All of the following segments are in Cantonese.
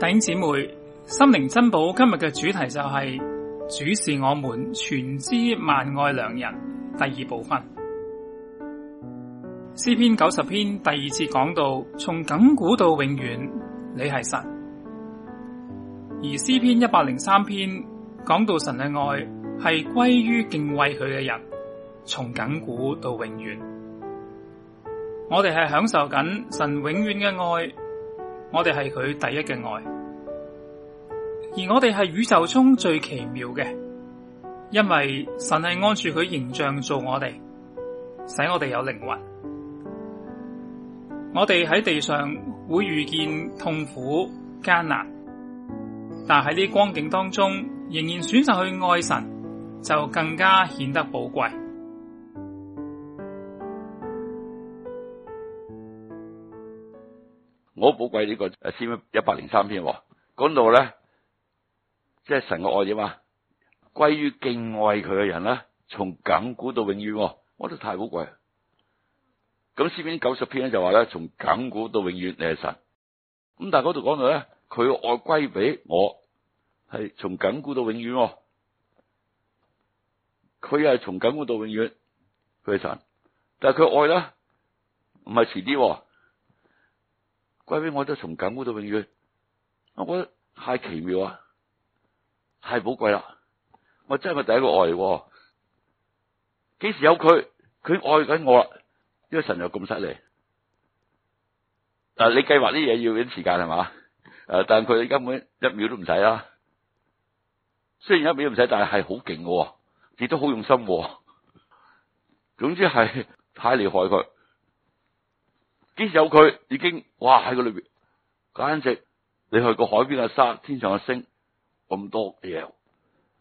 弟兄姐妹，心靈珍寶今日嘅主題就係、是、主是我們全知萬愛良人第二部分。詩篇九十篇第二節講到從亙古到永遠，你係神；而詩篇一百零三篇講到神嘅愛係歸於敬畏佢嘅人，從亙古到永遠，我哋係享受緊神永遠嘅愛。我哋係佢第一嘅愛，而我哋係宇宙中最奇妙嘅，因為神係按住佢形象做我哋，使我哋有靈魂。我哋喺地上會遇見痛苦艱難，但喺呢光景當中，仍然選擇去愛神，就更加顯得寶貴。我好寶貴呢個詩篇一百零三篇，講到咧，即係神嘅愛歸於歸於敬愛佢嘅人啦，從亙古到永遠、哦，我覺得太寶貴。咁詩篇九十篇就話咧，從亙古到永遠，你係神。咁但係嗰度講到咧，佢嘅愛歸俾我，係從亙古到永遠。佢又係從亙古到永遠，佢係神，但係佢嘅愛咧，唔係遲啲。歸俾我都從亙古到永遠，我覺得太奇妙啊，太寶貴啦！我真係我第一個愛嚟，幾時有佢？佢愛緊我啦，因為神又咁犀利。你計劃啲嘢要啲時間係嘛？誒、啊，但係佢根本一秒都唔使啦。雖然一秒都唔使，但係係好勁嘅，亦都好用心。總之係太厲害佢。只有佢，已經哇喺個裏邊，簡直你去過海邊嘅沙、天上嘅星咁多嘢，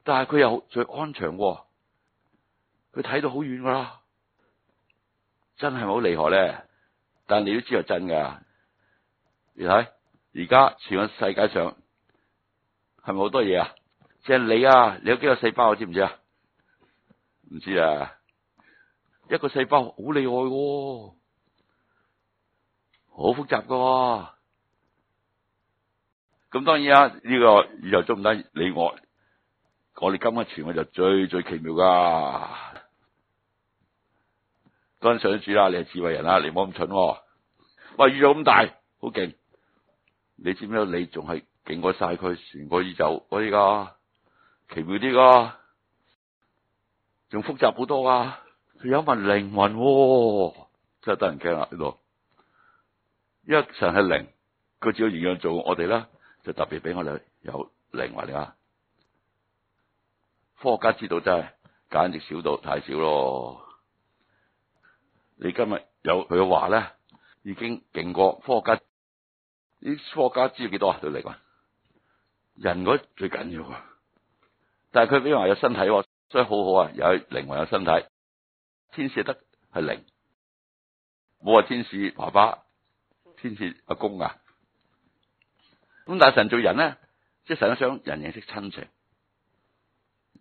但係佢又最安詳，佢睇到好遠噶啦，真係好厲害咧！但你都知道真噶，你睇而家全個世界上係咪好多嘢啊？即係你啊，你有幾個細胞你知唔知啊？唔知啊？一個細胞好厲害、哦。好複雜噶、啊，咁當然啦、啊，呢、這個宇宙中唔得你我，我哋今日全部就最最奇妙噶。當上主啦、啊，你係智慧人啦、啊，你唔好咁蠢、啊。喂，宇宙咁大，好勁，你知唔知？你仲係勁過晒佢，全個宇宙可以噶，奇妙啲噶、啊，仲複雜好多、啊。佢有份靈魂、啊，真係得人驚啊呢度。因為神係靈，佢只要營養做，我哋啦，就特別俾我哋有靈魂。科學家知道真係簡直少到太少咯。你今日有佢嘅話咧，已經勁過科學家。啲科學家知道幾多啊？對靈，人嗰最緊要啊。但係佢比如話有身體，所以好好啊。有靈魂，有身體，天使得係靈。冇話天使爸爸。先至阿公啊！咁但係神做人咧，即係神想人認識親情。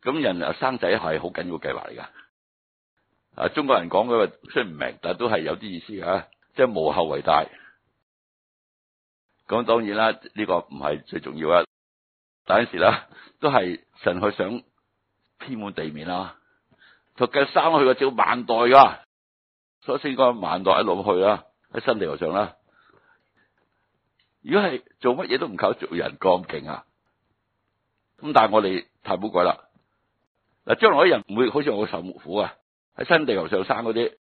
咁人又生仔係好緊要嘅計劃嚟噶。啊，中國人講佢話雖然唔明，但係都係有啲意思啊，即係無後為大。咁當然啦，呢、這個唔係最重要啊。但係嗰時啦，都係神去想遍滿地面啦。就計生去啊，照萬代噶，所以先講萬代一路去啊，喺新地理上啦。如果係做乜嘢都唔靠族人咁勁啊，咁但係我哋太寶貴啦！嗱，將來啲人唔會好似我受苦啊，喺新地球上生嗰啲，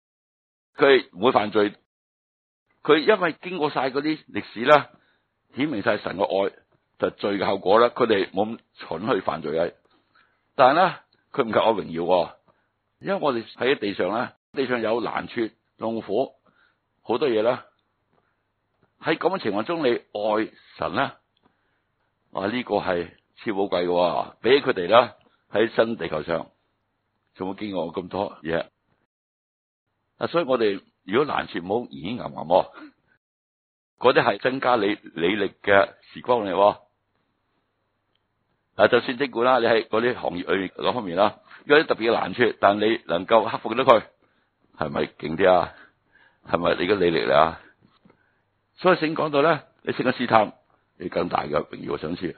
佢唔會犯罪，佢因為經過晒嗰啲歷史啦，顯明晒神嘅愛，就罪嘅後果啦，佢哋冇咁蠢去犯罪啊！但係咧，佢唔及我榮耀，因為我哋喺地上咧，地上有難處、痛苦好多嘢啦。喺咁嘅情況中，你愛神咧，啊、這個、是啊，呢個係超寶貴嘅。俾佢哋啦，喺新地球上，仲會經過我咁多嘢。啊，所以我哋如果難處冇，咦，硬硬喎，嗰啲係增加你履歷嘅時光嚟。嗱、啊，就算儘管啦，你喺嗰啲行業裏面嗰方面啦，有啲特別嘅難處，但你能夠克服得佢，係咪勁啲啊？係咪你嘅履歷嚟啊？所以聖講到咧，你成日試探，你更大嘅榮耀上書，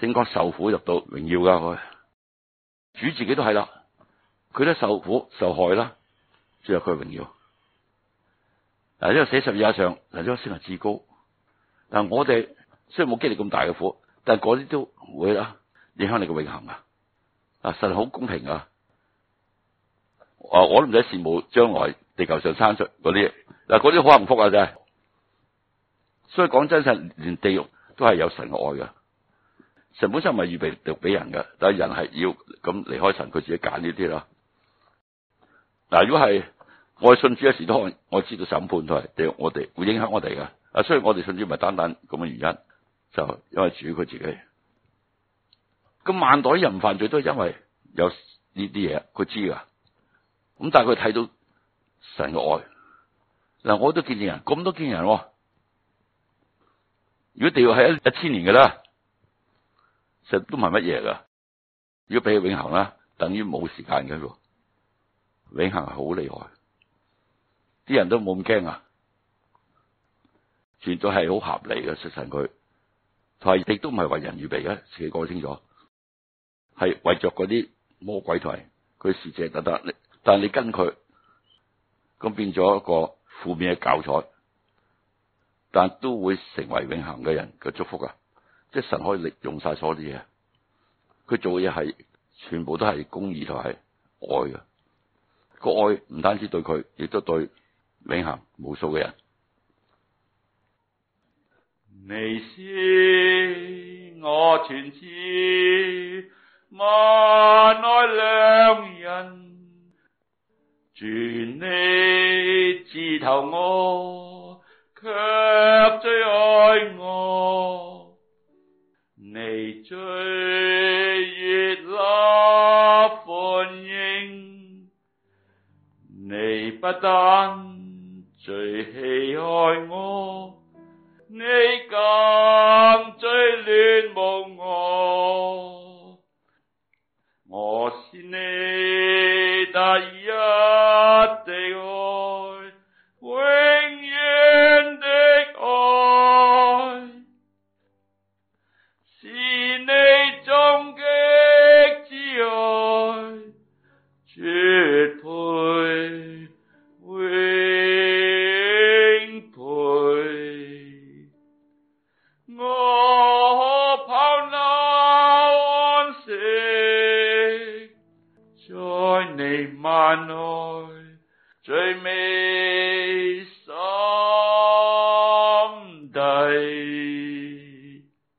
聖光受苦入到榮耀噶佢，主自己都係啦，佢都受苦受害啦，最後佢係榮耀。嗱呢個寫十二也上，嗱呢個先係至高，但我哋雖然冇經歷咁大嘅苦，但係嗰啲都會啦，影響你嘅永恆啊！啊神好公平啊！啊我都唔使羨慕將來。地球上生出嗰啲，嗱嗰啲好幸福啊，真係。所以講真實，連地獄都係有神嘅愛嘅。神本身唔係預備毒俾人嘅，但係人係要咁離開神，佢自己揀呢啲囉。嗱，如果係我信主嘅時，我我知道審判台地獄，我哋會影響我哋嘅。啊，所以我哋信主唔係單單咁嘅原因，就因為主佢自己。咁萬代人犯罪都係因為有呢啲嘢，佢知噶。咁但係佢睇到。神嘅愛嗱，我都見人咁多見人、啊，如果地獄係一千年嘅咧，實都唔係乜嘢噶。如果俾佢永恆啦，等於冇時間嘅永恆係好厲害，啲人都冇咁驚啊。存在係好合理嘅，出神佢，係亦都唔係為人預備嘅，自己講清楚，係為着嗰啲魔鬼台，佢使者等等，但係你跟佢。咁變咗一個負面嘅教材，但都會成為永恆嘅人嘅祝福啊！即係神可以利用晒所有嘢，佢做嘅嘢係全部都係公義同係愛嘅，個愛唔單止對佢，亦都對永恆無數嘅人。祢是我全知，萬愛良人。主你知透我，卻最愛我。你最悅納、歡迎。你不單最喜愛我。